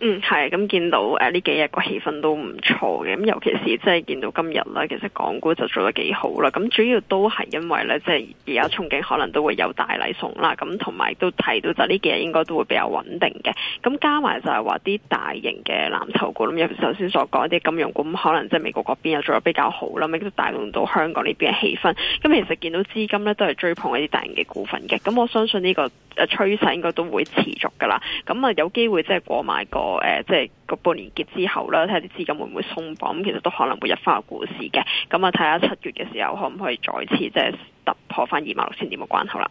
嗯，係咁見到誒呢幾日個氣氛都唔錯嘅，咁尤其是即係見到今日啦，其實港股就做得幾好啦。咁主要都係因為咧，即係而家憧憬可能都會有大禮送啦，咁同埋都睇到就呢幾日應該都會比較穩定嘅。咁加埋就係話啲大型嘅藍籌股，咁有頭先所講啲金融股，咁可能即係美國嗰邊又做得比較好啦，咁都帶動到香港呢邊嘅氣氛。咁其實見到資金咧都係追捧一啲大型嘅股份嘅，咁我相信呢個誒趨勢應該都會持續噶啦。咁啊有機會即係過買個。誒，即係個半年結之後啦，睇下啲資金會唔會鬆綁，其實都可能會入翻個股市嘅。咁啊，睇下七月嘅時候可唔可以再次即係突破翻二萬六千點嘅關口啦。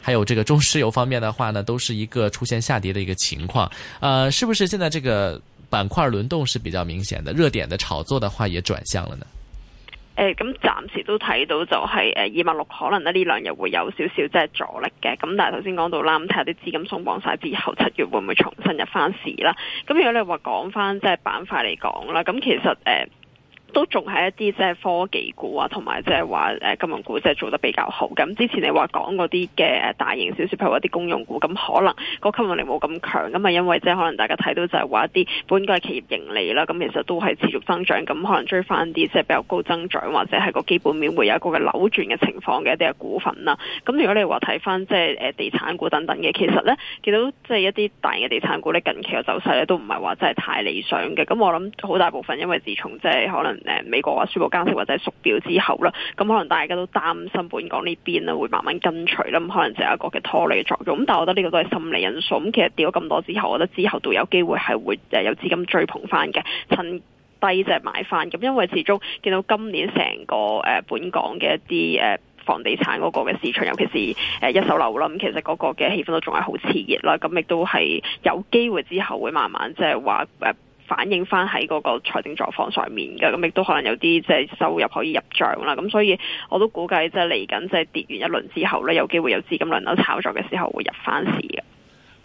還有這個中石油方面的話呢，都是一個出現下跌的一個情況，呃，是不是現在這個板塊輪動是比較明顯的，熱點的炒作的話也轉向了呢？誒、呃，咁、嗯、暫時都睇到就係誒二萬六可能呢呢兩日會有少少即係阻力嘅，咁但係頭先講到啦，咁睇下啲資金鬆綁晒之後，七月會唔會重新入翻市啦？咁、嗯、如果你話講翻即係板塊嚟講啦，咁、嗯、其實誒。呃都仲係一啲即係科技股啊，同埋即係話誒金融股即係做得比較好。咁之前你話講嗰啲嘅大型小小、小説譬如話啲公用股，咁可能個吸引力冇咁強。咁啊，因為即係可能大家睇到就係話一啲本地企業盈利啦，咁其實都係持續增長。咁可能追翻啲即係比較高增長，或者係個基本面會有一個嘅扭轉嘅情況嘅一啲嘅股份啦。咁如果你話睇翻即係誒地產股等等嘅，其實呢見到即係一啲大型嘅地產股呢，近期嘅走勢呢，都唔係話真係太理想嘅。咁我諗好大部分因為自從即係可能。誒美國話宣布加息或者縮表之後啦，咁可能大家都擔心本港呢邊咧會慢慢跟隨啦，咁可能就係一個嘅拖累嘅作用。咁但係我覺得呢個都係心理因素。咁其實跌咗咁多之後，我覺得之後都有機會係會誒有資金追捧翻嘅，趁低即係買翻。咁因為始終見到今年成個誒本港嘅一啲誒房地產嗰個嘅市場，尤其是誒一手樓啦，咁其實嗰個嘅氣氛還是很都仲係好熾熱啦。咁亦都係有機會之後會慢慢即係話誒。反映翻喺嗰個財政狀況上面嘅，咁亦都可能有啲即係收入可以入賬啦。咁所以我都估計即係嚟緊即係跌完一輪之後呢，有機會有資金輪流炒作嘅時候會入翻市嘅。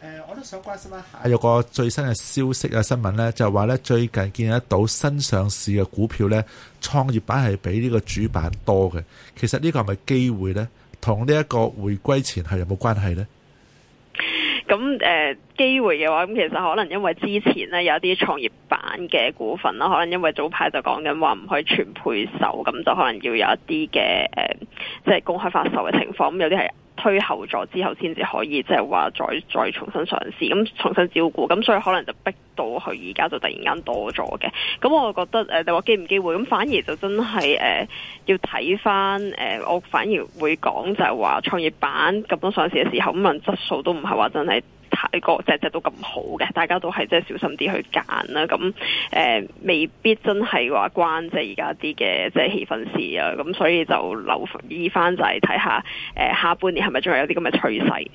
誒，我都想關心一下，有個最新嘅消息啊，新聞呢，就係話呢最近見得到新上市嘅股票呢，創業板係比呢個主板多嘅。其實呢個係咪機會呢，同呢一個回歸前係有冇關係呢？咁誒、呃、機會嘅話，咁其實可能因為之前咧有啲創業板嘅股份啦，可能因為早排就講緊話唔可以全配售，咁就可能要有一啲嘅、呃、即係公開發售嘅情況，咁有啲係。推後咗之後，先至可以即係話再再重新上市，咁重新招股，咁所以可能就逼到佢而家就突然間多咗嘅。咁我覺得誒，你話機唔機會，咁反而就真係誒、呃、要睇翻誒，我反而會講就係話創業板咁多上市嘅時候，咁樣質素都唔係話真係。隻隻都咁好嘅，大家都係即係小心啲去揀啦。咁誒，未必真係話關即係而家啲嘅即係氣氛事啊。咁所以就留意返就係睇下誒下半年係咪仲係有啲咁嘅趨勢。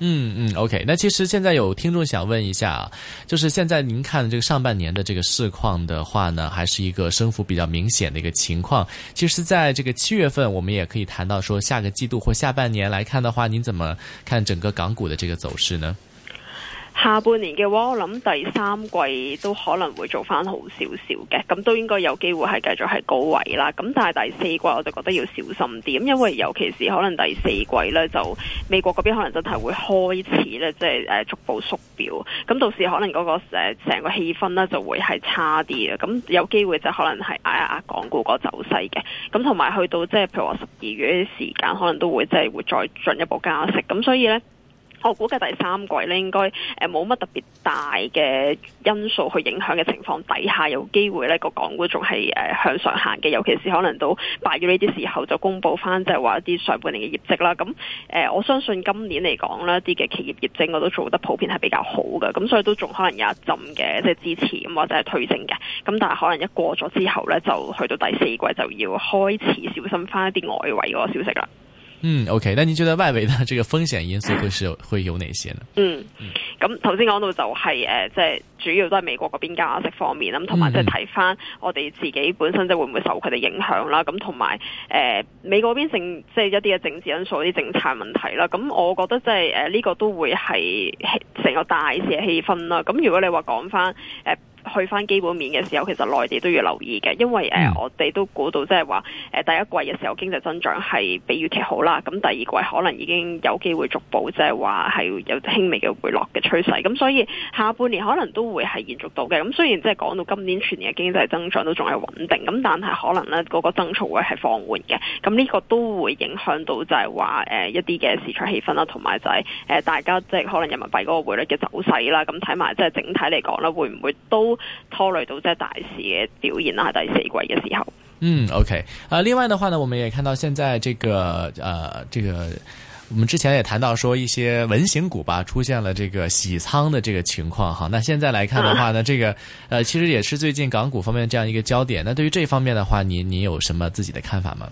嗯嗯，OK。那其實現在有聽眾想問一下，就是現在您看這個上半年的這個市況的話呢，還是一個升幅比較明顯的一個情況。其實，在這個七月份，我們也可以談到說，下個季度或下半年來看的話，您怎麼看整個港股的這個走勢呢？下半年嘅話，我諗第三季都可能會做翻好少少嘅，咁都應該有機會係繼續係高位啦。咁但係第四季我就覺得要小心啲，因為尤其是可能第四季呢，就美國嗰邊可能真係會開始呢，即係誒逐步縮表，咁到時可能嗰個誒成個氣氛呢就會係差啲嘅。咁有機會就可能係壓一壓港股個走勢嘅。咁同埋去到即係譬如話十二月啲時間，可能都會即係會再進一步加息。咁所以呢。我估嘅第三季咧，應該誒冇乜特別大嘅因素去影響嘅情況底下，有機會咧個港股仲係誒向上行嘅，尤其是可能到八月呢啲時候就公布翻，即係話一啲上半年嘅業績啦。咁誒、呃，我相信今年嚟講呢一啲嘅企業業績我都做得普遍係比較好嘅，咁所以都仲可能有一浸嘅即係支持，咁或者係推升嘅。咁但係可能一過咗之後咧，就去到第四季就要開始小心翻一啲外圍嗰個消息啦。嗯，OK，但你覺得外圍的這個風險因素會是有、嗯、會有哪些呢？嗯，咁頭先講到就係、是、誒、即、呃、係主要都係美國嗰邊加息方面咁，同埋即係睇翻我哋自己本身即係會唔會受佢哋影響啦。咁同埋誒，美國嗰邊政即係一啲嘅政治因素、啲政策問題啦。咁我覺得即係誒呢個都會係成個大市嘅氣氛啦。咁如果你話講翻誒。呃去翻基本面嘅時候，其實內地都要留意嘅，因為誒我哋都估到即係話誒第一季嘅時候經濟增長係比預期好啦，咁第二季可能已經有機會逐步即係話係有輕微嘅回落嘅趨勢，咁所以下半年可能都會係延續到嘅。咁雖然即係講到今年全年嘅經濟增長都仲係穩定，咁但係可能呢嗰個增速會係放緩嘅，咁呢個都會影響到就係話誒一啲嘅市場氣氛啦，同埋就係誒大家即係可能人民幣嗰個匯率嘅走勢啦。咁睇埋即係整體嚟講咧，會唔會都拖累到即係大市嘅表現啦，第四季嘅時候。嗯，OK，啊、呃，另外的話呢，我們也看到現在這個，呃，這個，我們之前也談到說，一些蚊型股吧出現了這個洗倉的這個情況哈。那現在來看的話呢，這個，呃，其實也是最近港股方面這樣一個焦點。那對於這方面的話，你你有什麼自己的看法嗎？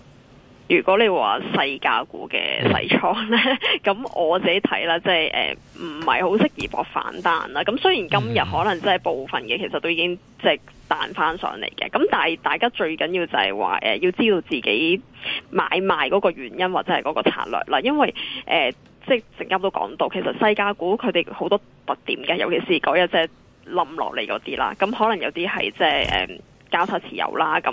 如果你話細價股嘅洗倉咧，咁我自己睇啦，即係誒唔係好適宜搏反彈啦。咁雖然今日可能即係部分嘅，其實都已經即係彈翻上嚟嘅。咁但係大家最緊要就係話誒，要知道自己買賣嗰個原因或者係嗰個策略啦。因為誒、呃，即係陣間都講到，其實細價股佢哋好多特點嘅，尤其是嗰日隻冧落嚟嗰啲啦。咁可能有啲係即係誒。呃交叉持有啦，咁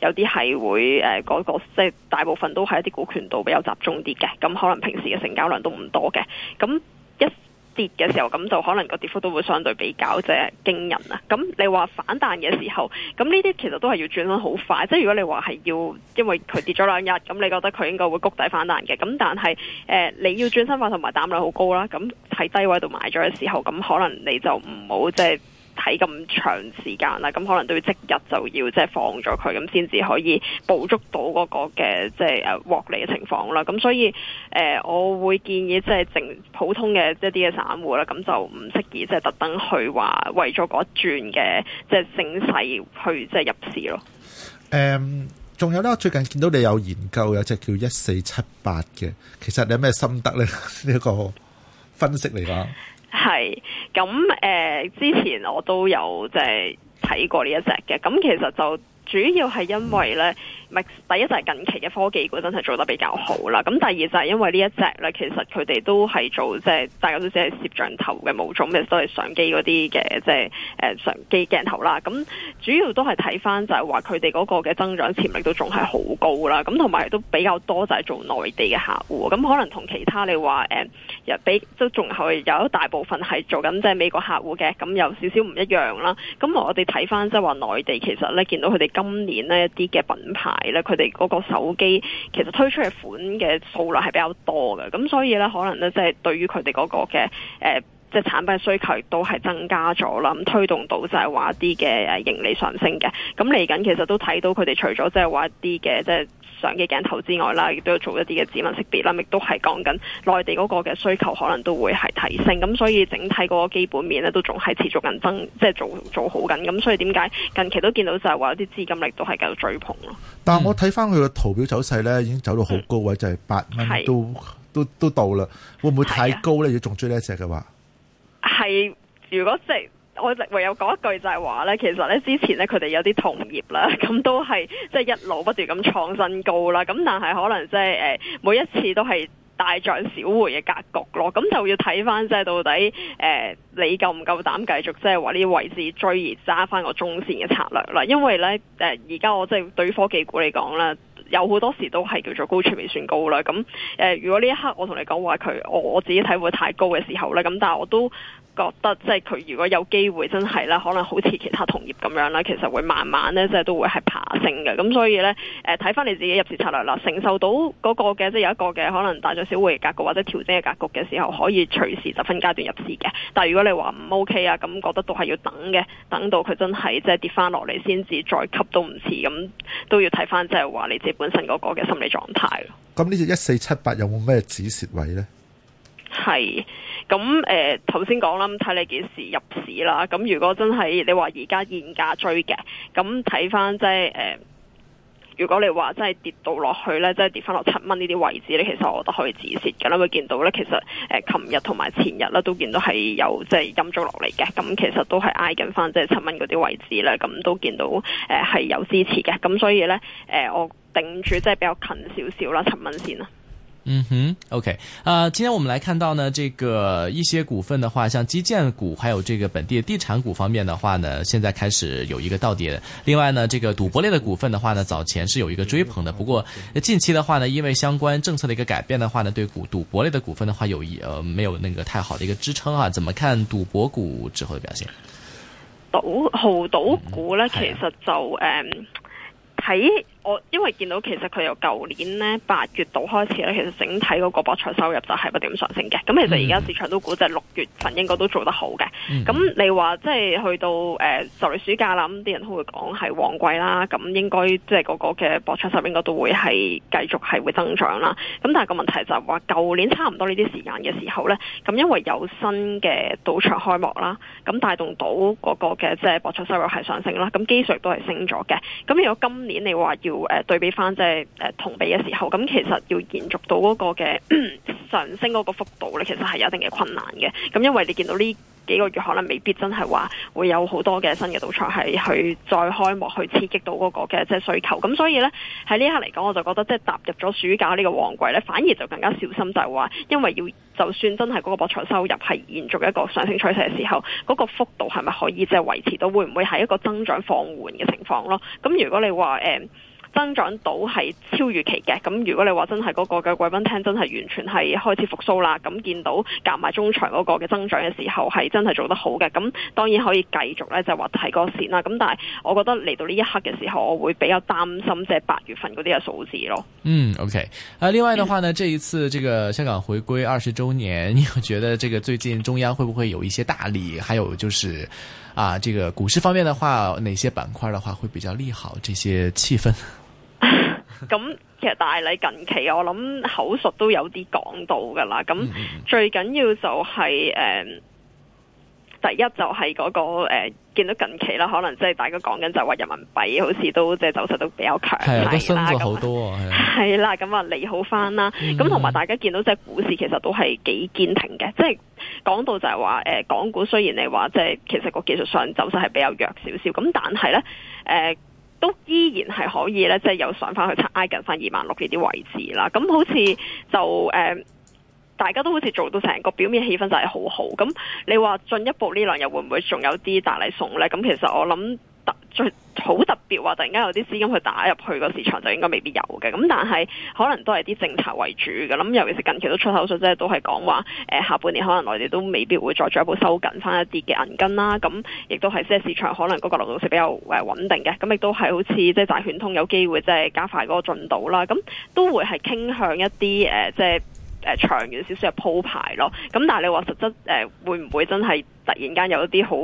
有啲係會誒嗰、呃、個，即係大部分都係一啲股權度比較集中啲嘅，咁可能平時嘅成交量都唔多嘅，咁一跌嘅時候，咁就可能個跌幅都會相對比較即係驚人啊！咁你話反彈嘅時候，咁呢啲其實都係要轉身好快，即係如果你話係要，因為佢跌咗兩日，咁你覺得佢應該會谷底反彈嘅，咁但係誒、呃、你要轉身快同埋膽量好高啦，咁喺低位度買咗嘅時候，咁可能你就唔好即係。睇咁長時間啦，咁可能都要即日就要即係放咗佢，咁先至可以捕捉到嗰個嘅即係誒獲利嘅情況啦。咁所以誒，我會建議即係淨普通嘅一啲嘅散戶啦，咁就唔適宜即係特登去話為咗嗰一轉嘅即係升勢去即係入市咯。誒、嗯，仲有咧，最近見到你有研究有隻叫一四七八嘅，其實你有咩心得呢？呢 一個分析嚟話。係，咁誒、呃，之前我都有即係睇過呢一隻嘅，咁其實就。主要係因為呢，第一就係近期嘅科技股真係做得比較好啦。咁第二就係因為呢一隻呢，其實佢哋都係做即係，大家都知係攝像頭嘅某種，咩係都係相機嗰啲嘅，即係誒相機鏡頭啦。咁、啊、主要都係睇翻就係話佢哋嗰個嘅增長潛力都仲係好高啦。咁同埋都比較多就係做內地嘅客戶。咁、啊、可能同其他你話誒，又比都仲係有一大部分係做緊即係美國客戶嘅。咁、啊、有少少唔一樣啦。咁、啊、我哋睇翻即係話內地其實呢，見到佢哋。今年呢，一啲嘅品牌呢，佢哋嗰個手機其實推出嘅款嘅數量係比較多嘅，咁所以呢，可能呢，即係對於佢哋嗰個嘅誒。即係產品嘅需求亦都係增加咗啦，咁推動到就係話一啲嘅盈利上升嘅。咁嚟緊其實都睇到佢哋除咗即係話一啲嘅即係相機鏡頭之外啦，亦都要做一啲嘅指紋識別啦，亦都係講緊內地嗰個嘅需求可能都會係提升。咁所以整體嗰個基本面咧都仲係持續緊增，即係做做好緊。咁所以點解近期都見到就係話一啲資金力都係繼續追捧咯。嗯、但係我睇翻佢嘅圖表走勢咧，已經走到好高位，嗯、就係八蚊都的都都到啦。會唔會太高咧？如仲追呢一隻嘅話？係，如果即係我唯有講一句就係話呢。其實呢，之前呢，佢哋有啲同業啦，咁都係即係一路不斷咁創新高啦，咁但係可能即係誒每一次都係大漲小回嘅格局咯，咁就要睇翻即係到底誒你夠唔夠膽繼續即係話呢啲位置追而揸翻個中線嘅策略啦，因為呢，誒而家我即係對科技股嚟講啦。有好多時都係叫做高處未算高啦，咁誒、呃，如果呢一刻我同你講話佢，我自己體會太高嘅時候咧，咁但係我都覺得即係佢如果有機會真係咧，可能好似其他同業咁樣啦，其實會慢慢咧即係都會係爬升嘅，咁所以咧誒，睇、呃、翻你自己入市策略啦，承受到嗰個嘅即係有一個嘅可能大漲小回嘅格局或者調整嘅格局嘅時候，可以隨時就分階段入市嘅。但係如果你話唔 OK 啊，咁覺得都係要等嘅，等到佢真係即係跌翻落嚟先至再吸都唔遲，咁都要睇翻即係話你自本身嗰個嘅心理狀態咯。咁呢隻一四七八有冇咩止蝕位呢？係咁誒，頭先講啦，睇、呃、你幾時入市啦。咁如果真係你話而家現價追嘅，咁睇翻即係誒，如果你話真係跌到落去呢，即係跌翻落七蚊呢啲位置呢，其實我覺得可以止蝕嘅啦。會見到呢，其實誒，琴日同埋前日呢都見到係有即係陰咗落嚟嘅。咁、就是、其實都係挨緊翻即係七蚊嗰啲位置呢，咁都見到係、呃、有支持嘅。咁所以呢。誒、呃、我。定住即係比較近少少啦，陳文先啊。嗯哼，OK，啊、呃，今天我們來看到呢，這個一些股份的話，像基建股，還有這個本地的地產股方面的話呢，現在開始有一個倒跌。另外呢，這個賭博類的股份的話呢，早前是有一個追捧的，不過近期的話呢，因為相關政策的一個改變的話呢，對股賭博類的股份的話有一，呃，沒有那個太好的一個支撐啊。怎麼看賭博股之後的表現？賭豪賭股呢，嗯、其實就的嗯喺。我因為見到其實佢由舊年咧八月度開始咧，其實整體嗰個博彩收入就係不斷上升嘅。咁其實而家市場都估，即係六月份應該都做得好嘅。咁、mm hmm. 你話即係去到誒、呃、就嚟暑假啦，咁啲人都會講係旺季啦，咁應該即係嗰個嘅博彩收入應該都會係繼續係會增長啦。咁但係個問題就係話，舊年差唔多呢啲時間嘅時候咧，咁因為有新嘅賭場開幕啦，咁帶動到嗰個嘅即係博彩收入係上升啦。咁基數都係升咗嘅。咁如果今年你話要誒對比翻即係誒同比嘅時候，咁其實要延續到嗰個嘅上升嗰個幅度咧，其實係有一定嘅困難嘅。咁因為你見到呢幾個月可能未必真係話會有好多嘅新嘅賭場係去再開幕去刺激到嗰個嘅即係需求。咁所以咧喺呢一刻嚟講，我就覺得即係踏入咗暑假呢個旺季咧，反而就更加小心就是說，就係話因為要就算真係嗰個博彩收入係延續一個上升趨勢嘅時候，嗰、嗰個幅度係咪可以即係維持到？會唔會係一個增長放緩嘅情況咯？咁如果你話誒、呃增長到係超預期嘅，咁如果你話真係嗰個嘅貴賓廳真係完全係開始復甦啦，咁見到夾埋中場嗰個嘅增長嘅時候係真係做得好嘅，咁當然可以繼續咧就話提嗰個線啦。咁但係我覺得嚟到呢一刻嘅時候，我會比較擔心即係八月份嗰啲嘅數字咯。嗯，OK。啊，另外嘅話呢，這一次這個香港回歸二十周年，你有覺得這個最近中央會唔會有一些大利？還有就是啊，這個股市方面的話，哪些板塊的話會比較利好？這些氣氛？咁 其實大禮近期我諗口述都有啲講到噶啦，咁最緊要就係、是、誒、呃，第一就係嗰、那個誒、呃，見到近期啦，可能即係大家講緊就話人民幣好似都即係、就是、走勢都比較強係啊，升咗就好多啦，咁啊利好翻啦，咁同埋大家見到隻股市其實都係幾堅挺嘅，即係講到就係話誒，港股雖然你話即係其實個技術上走勢係比較弱少少，咁但係呢。誒、呃。都依然係可以呢，即、就、係、是、有上返去擦挨近返二萬六呢啲位置啦。咁好似就誒、呃，大家都好似做到成個表面氣氛就係好好。咁你話進一步呢兩日會唔會仲有啲大禮送呢？咁其實我諗。最好特別話，說突然間有啲資金去打入去個市場，就應該未必有嘅。咁但係可能都係啲政策為主嘅。咁尤其是近期都出口數即係都係講話，下半年可能內地都未必會再進一步收緊翻一啲嘅銀根啦。咁、嗯、亦都係即係市場可能嗰個流動性比較穩定嘅。咁、嗯、亦都係好似即係債券通有機會即係加快嗰個進度啦。咁、嗯、都會係傾向一啲、呃、即係、呃、長遠少少嘅鋪排咯。咁、嗯、但係你話實質、呃、會唔會真係？突然間有一啲好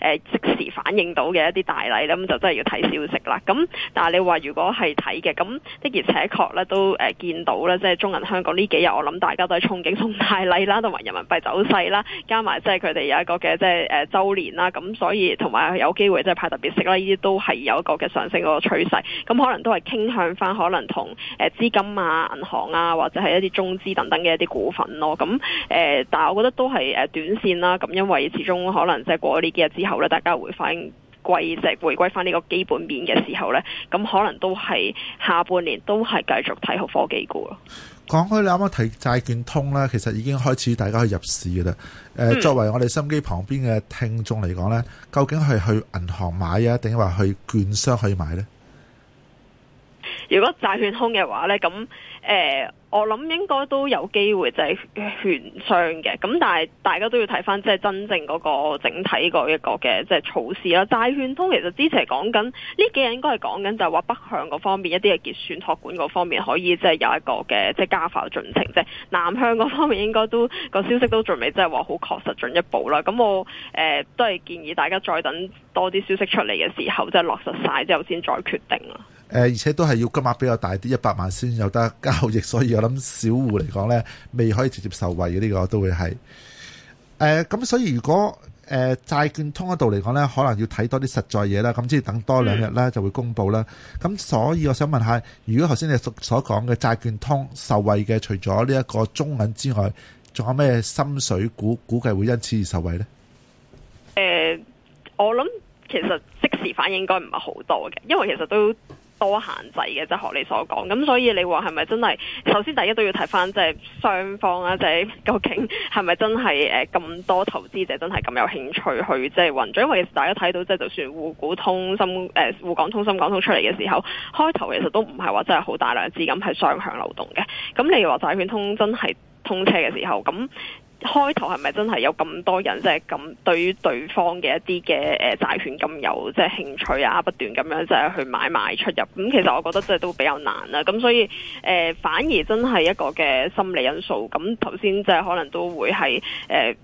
誒即時反應到嘅一啲大禮咧，咁就真係要睇消息啦。咁但係你話如果係睇嘅，咁的而且確咧都誒、呃、見到咧，即係中銀香港呢幾日我諗大家都係憧憬送大禮啦，同埋人民幣走勢啦，加埋即係佢哋有一個嘅即係誒週年啦。咁所以同埋有，有機會即係派特別息啦，呢啲都係有一個嘅上升嗰個趨勢。咁可能都係傾向翻可能同誒資金啊、銀行啊或者係一啲中資等等嘅一啲股份咯。咁誒、呃，但係我覺得都係誒短線啦。咁因為中可能即係過咗呢幾日之後咧，大家會翻貴即係回歸翻呢個基本面嘅時候咧，咁可能都係下半年都係繼續睇好科技股咯。講開你啱啱提債券通咧，其實已經開始大家去入市嘅啦。誒，作為我哋收音機旁邊嘅聽眾嚟講咧，嗯、究竟係去銀行買啊，定話去券商去買咧？如果債券通嘅話咧，咁。誒、呃，我諗應該都有機會就係券商嘅，咁但係大家都要睇翻即係真正嗰個整體嗰一個嘅即係措施啦。大券通其實之前講緊呢幾日應該係講緊就係話北向嗰方面一啲嘅結算託管嗰方面可以即係有一個嘅即係加快進程即啫。就係，南向嗰方面應該都，嗰個消息都仲未即係話好確實進一步啦。咁我誒、呃、都係建議大家再等多啲消息出嚟嘅時候，即、就、係、係，落實晒之後先再，再決定啦。誒，而且都係要金額比較大啲，一百萬先有得交易，所以我諗小戶嚟講呢未可以直接受惠嘅呢、這個都會係。誒、呃，咁所以如果誒債、呃、券通嗰度嚟講呢可能要睇多啲實在嘢啦，咁即係等多兩日啦、嗯、就會公布啦。咁所以我想問下，如果頭先你所講嘅債券通受惠嘅，除咗呢一個中銀之外，仲有咩深水股估計會因此而受惠呢？誒、呃，我諗其實即時反應應該唔係好多嘅，因為其實都。多限制嘅，即係學你所講。咁所以你話係咪真係？首先，第一都要睇翻即係雙方啊，即係究竟係咪真係誒咁多投資者真係咁有興趣去即係運作？因為大家睇到即係就算滬股通深、誒滬港通深港通，出嚟嘅時候，開頭其實都唔係話真係好大量資金係雙向流動嘅。咁你話債券通真係通車嘅時候咁？開頭係咪真係有咁多人即係咁對於對方嘅一啲嘅誒債券咁有即係興趣啊？不斷咁樣即係去買賣出入，咁其實我覺得即係都比較難啦。咁所以誒，反而真係一個嘅心理因素。咁頭先即係可能都會係誒。呃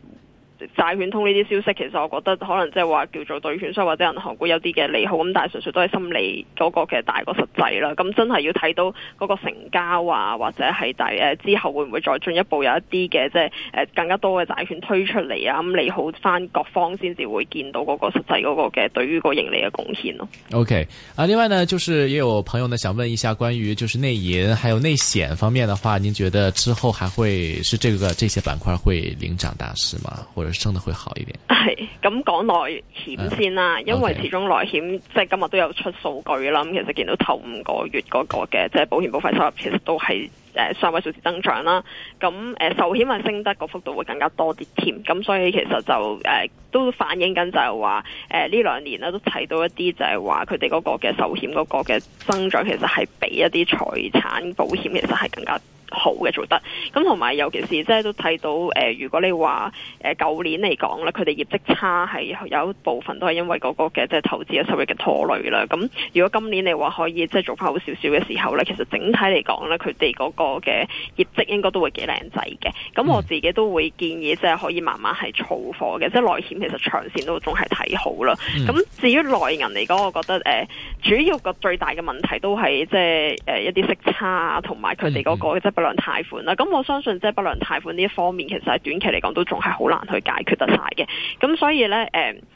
債券通呢啲消息，其實我覺得可能即係話叫做對券商或者銀行股有啲嘅利好，咁但係純粹都係心理嗰個，其實大過實際啦。咁真係要睇到嗰個成交啊，或者係大誒之後會唔會再進一步有一啲嘅即係誒更加多嘅債券推出嚟啊，咁、嗯、利好翻各方先至會見到嗰個實際嗰個嘅對於個盈利嘅貢獻咯。OK，啊，另外呢，就是也有朋友呢想問一下關於就是內銀還有內險方面的話，您覺得之後還會是這個這些板塊會領漲大市嗎？或者？升得會好一點。係咁講內險先啦，啊、因為始終內險即係今日都有出數據啦。咁其實見到頭五個月嗰個嘅即係保險保費收入，其實都係誒、呃、三位數字增長啦。咁誒壽險升得嗰幅度會更加多啲添。咁所以其實就誒、呃、都反映緊就係話誒呢兩年咧都睇到一啲就係話佢哋嗰個嘅壽險嗰個嘅增長，其實係比一啲財產保險其實係更加。好嘅做得的，咁同埋尤其是即係都睇到，誒，如果你話誒舊年嚟講咧，佢哋業績差係有一部分都係因為嗰個嘅即係投資嘅收益嘅拖累啦。咁如果今年你話可以即係做翻好少少嘅時候咧，其實整體嚟講咧，佢哋嗰個嘅業績應該都會幾靚仔嘅。咁我自己都會建議即係可以慢慢係炒貨嘅，即係、mm. 內險其實長線都仲係睇好啦。咁、mm. 至於內銀嚟講，我覺得誒主要個最大嘅問題都係即係誒一啲息差同埋佢哋嗰個即、mm. 不良貸款啦，咁我相信即係不良貸款呢一方面，其實喺短期嚟講都仲係好難去解決得晒嘅，咁所以咧誒。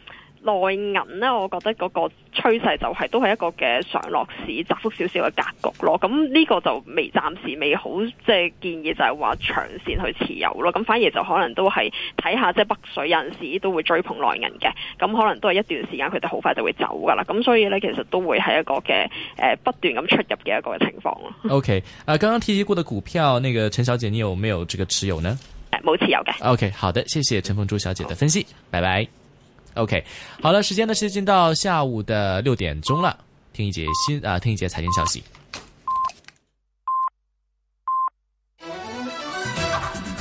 內銀呢，我覺得嗰個趨勢就係都係一個嘅上落市窄幅少少嘅格局咯。咁呢個就未暫時未好，即係建議就係話長線去持有咯。咁反而就可能都係睇下即係北水人士都會追捧內銀嘅。咁可能都係一段時間，佢哋好快就會走㗎喇。咁所以呢，其實都會係一個嘅誒不斷咁出入嘅一個情況咯。OK，啊、呃，剛剛提及過的股票，那個陳小姐，你有沒有這個持有呢？誒，冇持有嘅。OK，好的，謝謝陳鳳珠小姐的分析，好拜拜。OK，好了，時間呢是已經到下午的六點鐘了，聽一節新啊，聽一節財經消息。